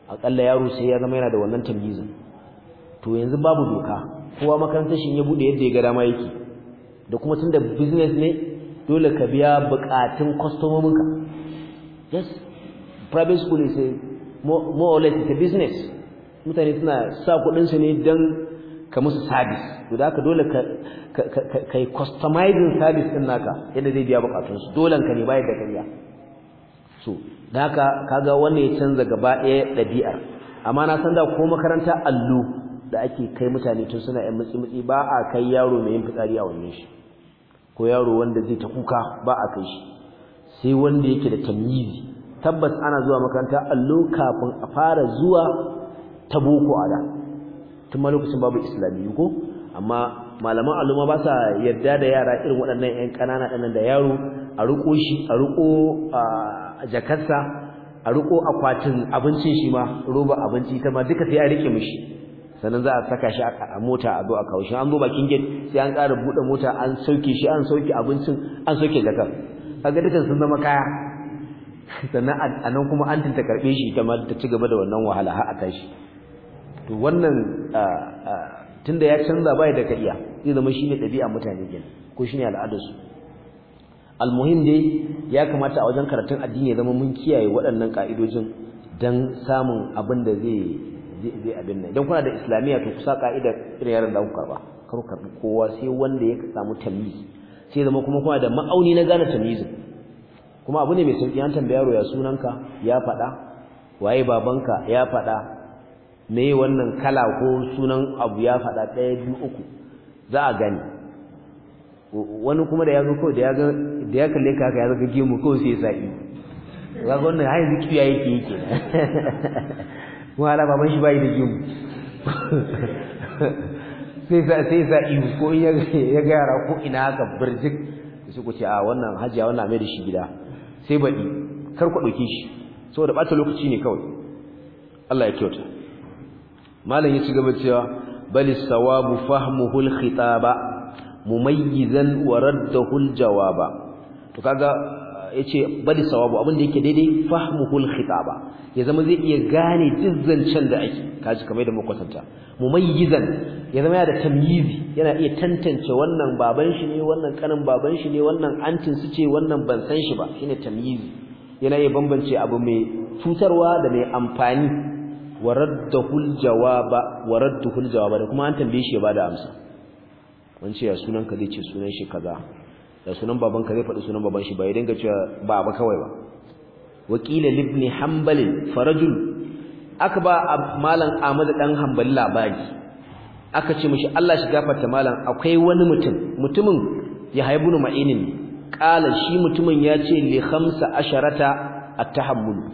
aƙalla yaro sai ya zama yana da wannan tamyizin to yanzu babu doka kowa makarantar shi ya bude yadda ya ga dama yake da kuma tunda business ne dole ka biya buƙatun kwastomominka yes private school sai. more or less it's a business mutane suna sa kuɗin su ne dan ka musu service to da dole ka kai customizing service din naka yadda zai biya bukatun su ka ne bai da kariya so da ka kaga wannan ya canza gaba ɗaya ɗabi'ar amma na san da ko makaranta allo da ake kai mutane tun suna yan mutsi mutsi ba a kai yaro mai yin fitsari a wannan shi ko yaro wanda zai ta kuka ba a kai shi sai wanda yake da tamyizi tabbas ana zuwa makaranta allo kafin a fara zuwa ta boko ada, da tun ma lokacin babu islamiyyu ko amma malaman alluma ba sa yarda da yara irin waɗannan 'yan ƙanana ɗanan da yaro a riƙo shi a riƙo jakarsa a riƙo akwatin abincin shi ma roba abinci ta ma duka sai a riƙe mishi sannan za a saka shi a mota a zo a kawo shi an zo bakin gate sai an ƙara buɗe mota an sauke shi an sauke abincin an sauke jakar sun zama kaya sannan a nan kuma an tinta karɓe shi ita ma ta ci gaba da wannan wahala har a tashi to wannan tunda ya canza bai da ka iya zai zama shi ne ɗabi'a mutane kenan ko shi ne al'adarsu almuhim dai ya kamata a wajen karatun addini ya zama mun kiyaye waɗannan ƙa'idojin don samun abin da zai zai abin nan idan kuna da islamiyya to kusa ƙa'ida irin yaran da aka karba kar ku kowa sai wanda ya samu tamyiz sai zama kuma kuna da ma'auni na gane tamyizin kuma abu ne mai sauki an tambaya yaro ya sunanka ya faɗa waye babanka ya faɗa me wannan kala ko sunan abu ya faɗa ɗaya biyu uku za a gani wani kuma da ya zo kawai da ya kalle ka ya zaga gemu kawai sai sa'i. sa ga wannan har yanzu kiyaye yake yake kuma ala baban shi bai da gemu sai sa sai sa iyo ko ya ga yara ko ina haka birjik su ku ce a wannan hajiya wannan mai da shi gida sai baɗi kar ku ɗauki shi saboda ɓata lokaci ne kawai Allah ya kyauta malam ya ci gaba cewa bal sawabu fahmuhu al khitaba mumayyizan wa raddahu al jawaba to kaga yace bari sawabu abin da yake daidai fahmuhul khitaba ya zama zai iya gane dizzancen da ake kaji kamar da mai mumayyizan ya zama yana da tamyizi yana iya tantance wannan baban shi ne wannan kanin baban shi ne wannan antin su ce wannan ban san shi ba shine tamyizi yana iya bambance abu mai cutarwa da mai amfani waraddahul jawaba waradduhul jawaba da kuma an tambaye shi ya bada amsa wance ya sunan ka zai ce sunan shi kaza da sunan babanka zai faɗi sunan baban shi ba ya dinga cewa baba kawai ba wakila ibn hanbal farajul aka ba malam Amadu dan hambali labari aka ce mishi Allah shi gafarta malam akwai wani mutum mutumin ya haibunu ma'inin kala shi mutumin ya ce li khamsa asharata at-tahammul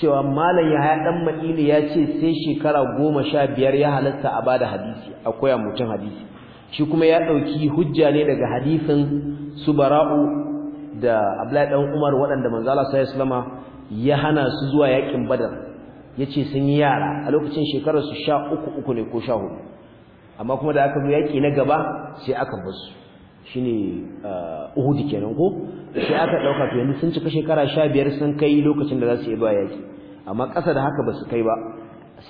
cewa malam ya haya dan ma'ini ya ce sai shekara goma sha biyar ya halatta a bada hadisi akwai mutum hadisi shi kuma ya ɗauki hujja ne daga hadisin su bara'u da Abdullahi dan Umar waɗanda manzo Allah sallallahu alaihi ya hana su zuwa yakin Badar yace sun yi yara a lokacin shekarar su uku uku ne ko hudu amma kuma da aka zo yaki na gaba sai aka basu. shine uh, Uhud kenan ko sai aka ɗauka to yanzu sun cika shekara biyar sun kai lokacin da za su yi ba yaki amma ƙasa da haka basu kai ba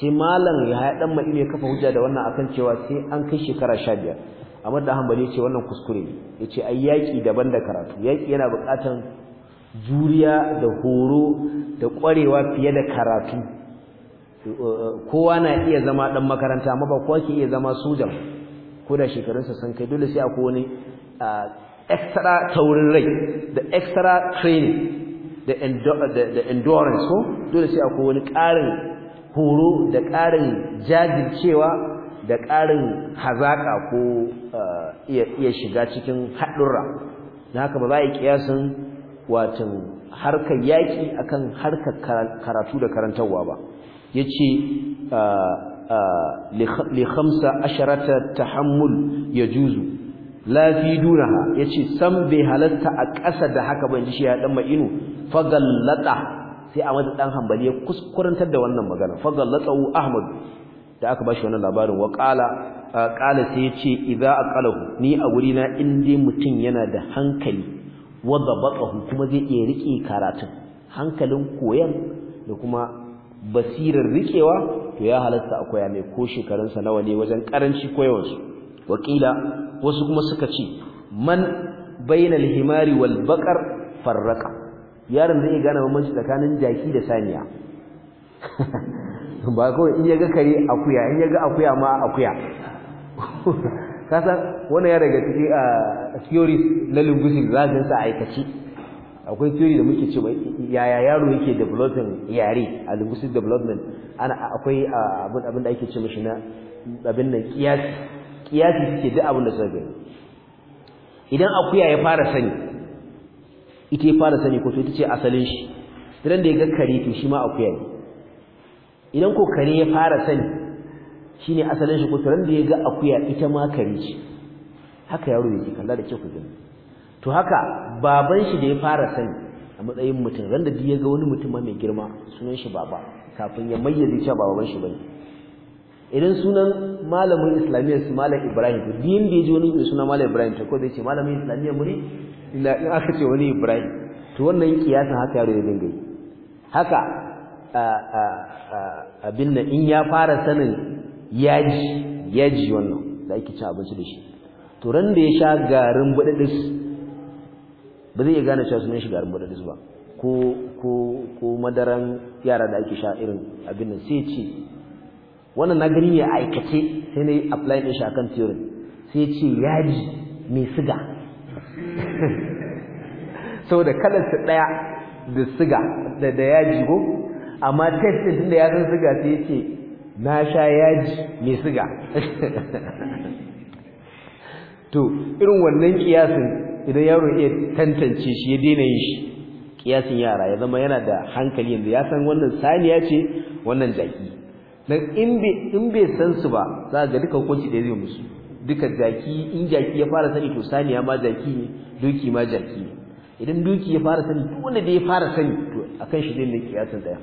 sai malam ya haɗa ma'ina ya kafa hujja da wannan akan cewa sai an kai shekara sha biyar. Ahmad da Hanbali ce wannan kuskure ne yace ai yaki daban da karatu yaki yana buƙatan juriya da horo da ƙwarewa fiye da karatu kowa na iya zama ɗan makaranta amma ba kowa ke iya zama sojan, ko da shekarunsa sun kai dole sai akwai wani extra taurin rai da extra training da endurance ko dole sai akwai wani ƙarin horo da ƙarin jajircewa da ƙarin hazaƙa ko uh, iya shiga cikin haɗurra na haka ba za a yi ƙiyasin watan harkar yaƙi akan harkar karatu da karantarwa ba ya ce uh, uh, lihamsa asharata tahammul ya juzu lafi dunaha ya ce sam bai halatta a ƙasa da haka ban ji shi ya ɗan ma'inu fagallata sai a mata ɗan hambali ya kuskurantar da wannan magana fagallata ahmad da aka bashi wannan labarin wa qala qala sai yace idza aqalahu ni a guri na in dai mutun yana da hankali wa dabatahu kuma zai iya rike karatun hankalin koyan da kuma basirar rikewa to ya halatta a mai ko shekarun sa nawa ne wajen karanci koyawar su wakila wasu kuma suka ce man bainal himari wal baqar farraqa yaron zai gane bambanci tsakanin jaki da saniya ba kawai in ya ga kare akuya in ya ga akuya ma akuya kasan wani ya daga cikin a theory na linguistics za ka sa aikaci akwai theory da muke cewa yaya yaro yake developing yare a linguistic development ana akwai abin abin da ake ce mishi na abin nan kiyasi kiyasi suke duk abin da suka gani idan akuya ya fara sani ita ya fara sani ko to ita ce asalin shi dan da ya ga kare to shi ma akuya ne idan ko kare ya fara sani shine asalin shi kuturan da ya ga akuya ita ma kare ce haka yaro yake kalla da kyau ku to haka baban shi da ya fara sani a matsayin mutum ran da ya ga wani mutum mai girma sunan shi baba kafin ya mayyaze cewa baban shi bane idan sunan malamin islamiyya su malam ibrahim to din da ji wani sunan malam ibrahim to ko zai ce malamin islamiyya mu ne illa in aka ce wani ibrahim to wannan kiyasan haka yaro ya dinga yi haka abin nan in ya fara sanin yaji yaji wannan da ake ci abinci da shi to ran da ya sha garin budadis ba zai iya gane cewa sunan shi garin budadis ba ko ko ko madaran yara da ake sha irin abin nan sai ce wannan na gani ya aikace sai na yi apply din shi akan theory sai ce yaji mai siga saboda kalar su daya da siga da yaji ko amma test din da ya san siga sai yace na sha yaji mai siga to irin wannan kiyasin idan yaro ya tantance shi ya daina yin shi kiyasin yara ya zama yana da hankali yanzu ya san wannan saniya ce wannan jaki dan in bai san su ba za ga duka hukunci da zai musu duka jaki in jaki ya fara sani to saniya ma jaki ne doki ma jaki ne idan doki ya fara sani to wanda da ya fara sani to akan shi zai ne kiyasin daya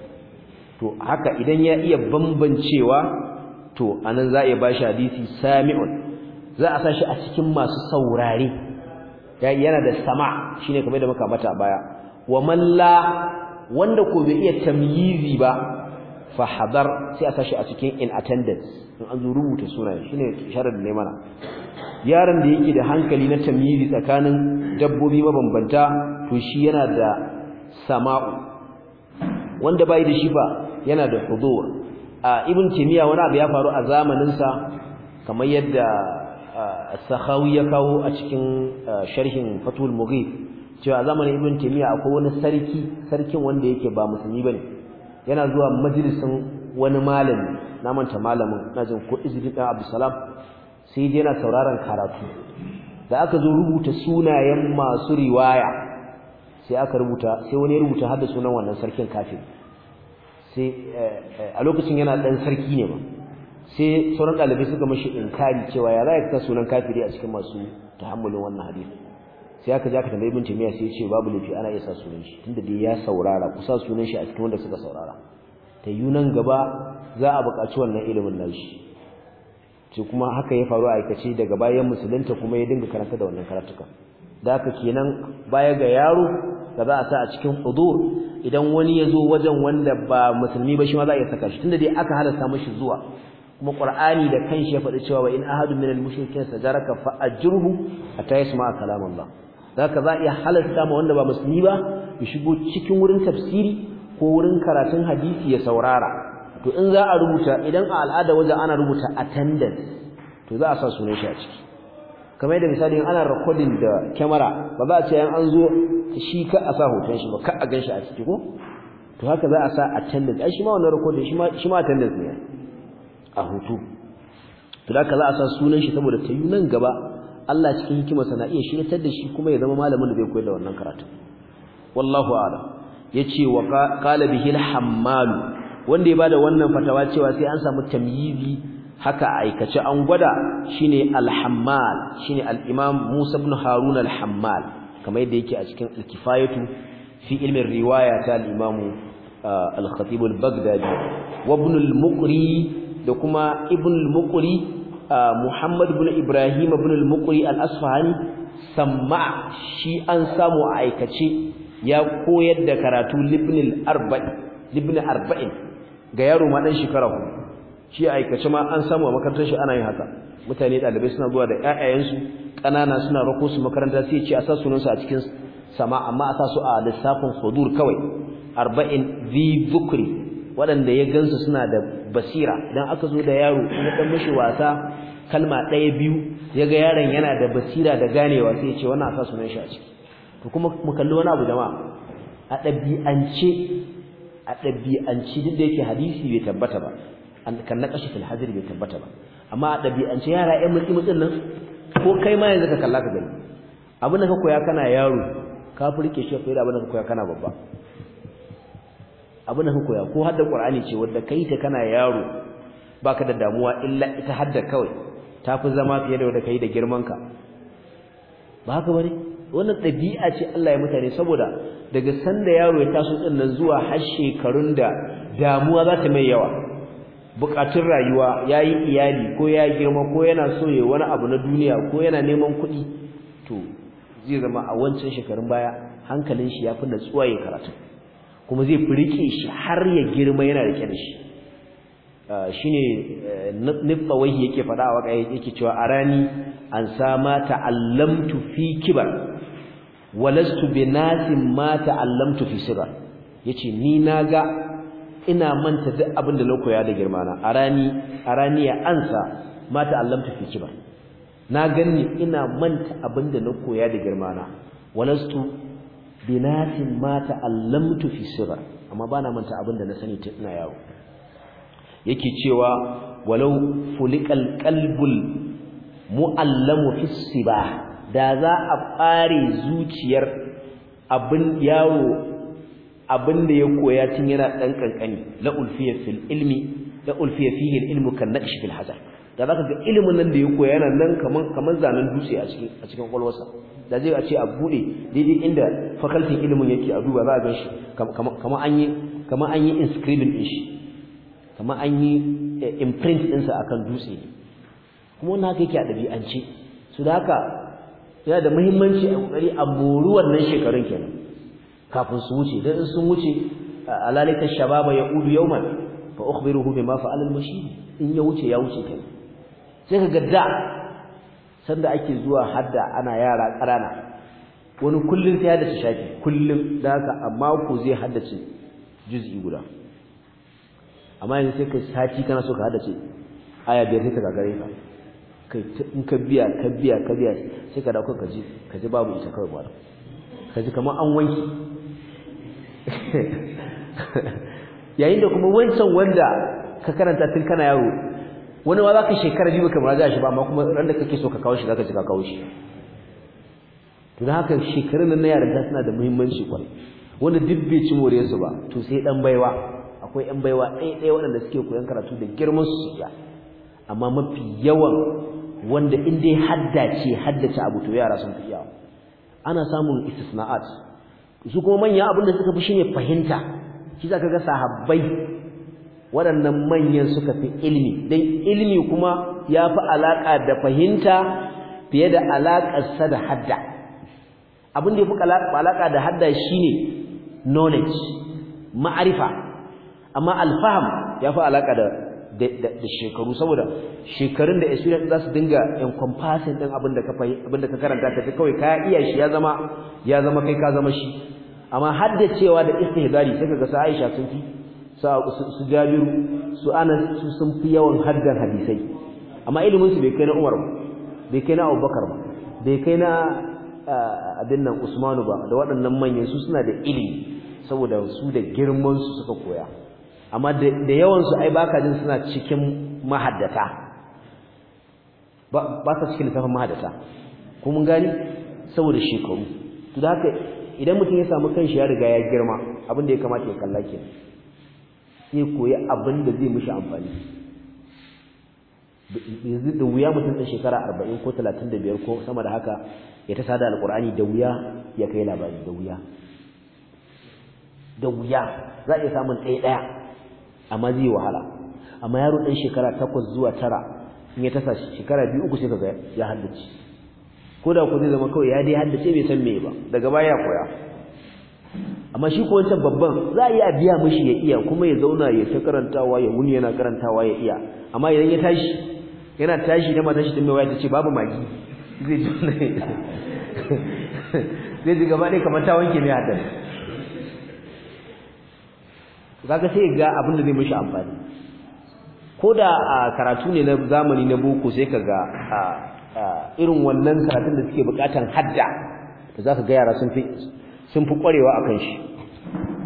to haka idan ya iya bambancewa to anan za a ba shi hadisi sami'un za a sashi a cikin masu saurare yana da sama shine kamar da muka mata baya wa malla wanda ko bai iya tamyizi ba fa hadar sai a sashi a cikin in attendance in an zo rubuta sunaye shine sharar da mana yaron da yake da hankali na tamyizi tsakanin dabbobi mabambanta to shi yana da sama'u wanda bai da shi ba yana da hudur a ibn timiya wani abu ya faru a zamanin sa kamar yadda sahawi ya kawo a cikin sharhin fatul Mugi. cewa a zamanin ibn timiya akwai wani sarki sarkin wanda yake ba musulmi bane yana zuwa majalisin wani malami na manta malamin na jin ko izidin dan abdusalam sai dai yana sauraron karatu da aka zo rubuta sunayen masu riwaya sai aka rubuta sai wani ya rubuta har sunan wannan sarkin kafin sai eh, eh, a lokacin yana ɗan sarki ne ba sai sauran dalibai suka mashi inkari cewa ya zai ka sunan kafiri a cikin masu tahammulin wannan hadisi sai aka ja aka tambayi ibn timiya sai ya ce babu lafi ana iya sa sunan shi tunda dai ya saurara kusa sunan shi a cikin wanda suka saurara ta yunan gaba za a buƙaci wannan ilimin nashi ce kuma haka ya faru a aikace daga bayan musulunta kuma ya dinga karanta da wannan karatuka daka kenan baya ga yaro da za a sa a cikin hudur idan wani ya zo wajen wanda ba musulmi ba shi ma za a iya saka shi tunda dai aka halasta mashi zuwa kuma qur'ani da kanshi ya faɗi cewa wa in ahadu min al mushrikin sajaraka fa ajruhu hatta yasma kalam Allah daka za a iya halasta ma wanda ba musulmi ba ya shigo cikin wurin tafsiri ko wurin karatun hadisi ya saurara to in za a rubuta idan a al'ada waje ana rubuta attendance to za a sa sunan shi a ciki kamar yadda misali ana recording da kyamara ba za a ce an zo shi ka a sa hoton shi ba ka a gan shi a ciki ko to haka za a sa attendance ai shi ma wannan recording shi ma shi ma attendance ne a hoto to da ka za a sa sunan shi saboda ta yi nan gaba Allah cikin hikimarsa na iya shiryatar da shi kuma ya zama malamin da zai koyar da wannan karatu wallahu a'lam yace wa qala bihi al-hammal wanda ya bada wannan fatawa cewa sai an samu tamyizi haka aikace an gwada shine al-hammal shine al-imam Musa ibn Harun al-hammal kamar yadda yake a cikin al-kifayatu fi ilmin riwaya ta al-imam uh, al-khatib al-baghdadi wa ibn al-muqri da kuma ibn al-muqri uh, Muhammad ibn Ibrahim ibn al-muqri al-asfahani samma shi an samu a aikace ya koyar da karatu libn arbain arba'in ga yaro ma dan shekara hudu shi aikace ma an samu a makarantar shi ana yin haka mutane ɗalibai suna zuwa da ƴaƴayensu ƙanana suna rako su makaranta sai ce a sa sunansu a cikin sama amma a sa su a lissafin hudur kawai arba'in vi bukri waɗanda ya gansu suna da basira Idan aka zo da yaro na dan mishi wasa kalma ɗaya biyu ya ga yaron yana da basira da ganewa sai ce wannan a sa sunan shi a ciki to kuma mu kalli wani abu jama'a a ɗabi'ance a ɗabi'ance duk da yake hadisi bai tabbata ba kan na kashi bai tabbata ba amma a ɗabi'ance yara ƴan mulki mutsin nan ko kai ma yanzu ka kalla ka gani abin da ka koya kana yaro ka furke shi fa abin da ka koya kana babba abin da ka koya ko hadda qur'ani ce wanda kai ta kana yaro baka da damuwa illa ita hadda kawai ta fi zama fiye da wanda kai da girman ka ba haka bane wannan ɗabi'a ce Allah ya mutane saboda daga sanda yaro ya taso ɗin nan zuwa har shekarun da damuwa za ta mai yawa bukatun rayuwa yayi iyali ko ya girma ko yana so ya wani abu na duniya ko yana neman kuɗi to zai zama a wancan shekarun baya hankalin shi ya fi natsuwa ya karatu kuma zai fi rike shi har ya girma yana rike da shi ah, shine eh, nuffa wahi yake faɗa a waka yake cewa arani an sama ta'allamtu fi kibar walastu binasin ma ta'allamtu fi yace ni na ga ina manta duk abin da na koya da girmana arani arani ya ansa mata ta fice ba. na ganni ina manta abin da na koya da girmana walastu binatin mata allamtu fi sirra amma bana manta abin da na sani tun ina yawo yake cewa walau fulikal qalbul muallamu fi sibah da za a fare zuciyar abin yawo abin da ya koya tun yana ɗan kankani la ulfiya fil ilmi la ulfiya fihi ilmu kan naqsh fil hazar da zaka ga ilimin nan da ya koya yana nan kaman kaman zanen dutse a cikin a cikin kwalwarsa da zai a ce a bude daidai inda fakaltin ilimin yake a duba za a ganshi kamar an yi kamar an yi inscribing din shi kamar an yi eh, imprint ɗinsa akan dutse kuma wannan haka yake a ɗabi'ance su da haka yana da muhimmanci a ƙoƙari a bori wannan shekarun kenan kafin su wuce dan sun wuce alalika shababa yaudu yawman fa ukhbiruhu bima fa'ala al-mashid in ya wuce ya wuce kai sai kaga da sanda ake zuwa hadda ana yara karana wani kullun sai haddace shafi kullun da haka amma ku zai haddace juz'i guda amma yanzu sai ka sati kana so ka haddace aya biyar sai ka gagare ka kai in ka biya ka biya ka biya sai ka dauka ka ji ka ji babu ita kawai ba ka ji kamar an wanki yayin da kuma wancan wanda ka karanta tun kana yaro wani ma ka shekara biyu baka muraja shi ba amma kuma ran da kake so ka kawo shi ka ci ka kawo shi to da haka shekarun nan na yarinta suna da muhimmanci kwarai wanda duk bai ci moriyarsu ba to sai dan baiwa akwai yan baiwa ɗaya ɗaya waɗanda suke koyon karatu da girman su ya amma mafi yawan wanda in dai haddace haddace abu to yara sun fi yawa ana samun istisna'at su kuma manya abin da suka fi shine fahimta shi zaka ga sahabbai waɗannan manyan suka fi ilimi dan ilimi kuma ya fi alaƙa da fahimta fiye da alaƙarsa da hadda abin da ya fi alaƙa da hadda shine knowledge ma'arifa amma alfaham ya fi alaƙa da da shekaru saboda shekarun da experience za su dinga encompassing din abin da ka abin da ka karanta ta kawai ka iya shi ya zama ya zama kai ka zama shi amma haddacewa da istihdari sai ga sa Aisha sun fi su Jabiru su ana su sun fi yawan haddan hadisai amma iliminsu su bai kai na Umar ba bai kai na Abubakar ba bai kai na eh, abin nan Usmanu ba da waɗannan manyan su suna da ilimi saboda su da girmansu suka koya amma da yawan su ai baka jin suna cikin mahaddata ba ba sa cikin littafin mahaddata ko mun gani saboda shekaru to da haka idan mutum ya samu kanshi ya riga ya girma abin da ya kamata ya kalla kenan sai koyi abin da zai mishi amfani yanzu da wuya mutum ɗan shekara arba'in ko talatin da biyar ko sama da haka ya ta sada alƙur'ani da wuya ya kai labari da wuya da wuya za a iya samun ɗaya ɗaya amma zai wahala amma yaro dan shekara takwas zuwa tara in ya tasa shekara biyu uku sai kaga ya haddace ko da ku zai zama kawai ya dai haddace bai san me ba daga baya koya amma shi ko wancan babban za a iya biya mishi ya iya kuma ya zauna ya ta karantawa ya wuni yana karantawa ya iya amma idan ya tashi yana tashi da matashi ta mewa ya ce babu magi zai ji zai ji gaba ne kamar ta wanke mai haddace kaga sai ga abin da zai mishi amfani ko da karatu ne na zamani na boko sai kaga irin wannan karatun da suke bukatan hadda to zaka ga yara sun fi sun fi kwarewa akan shi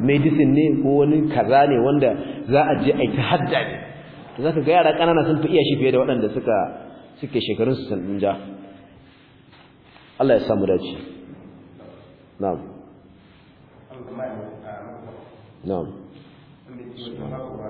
medicine ne ko wani kaza ne wanda za a je a ta hadda ne to zaka ga yara kanana sun fi iya shi fiye da waɗanda suka suke shekarun su sun ja Allah ya samu dace na'am na'am Krishna.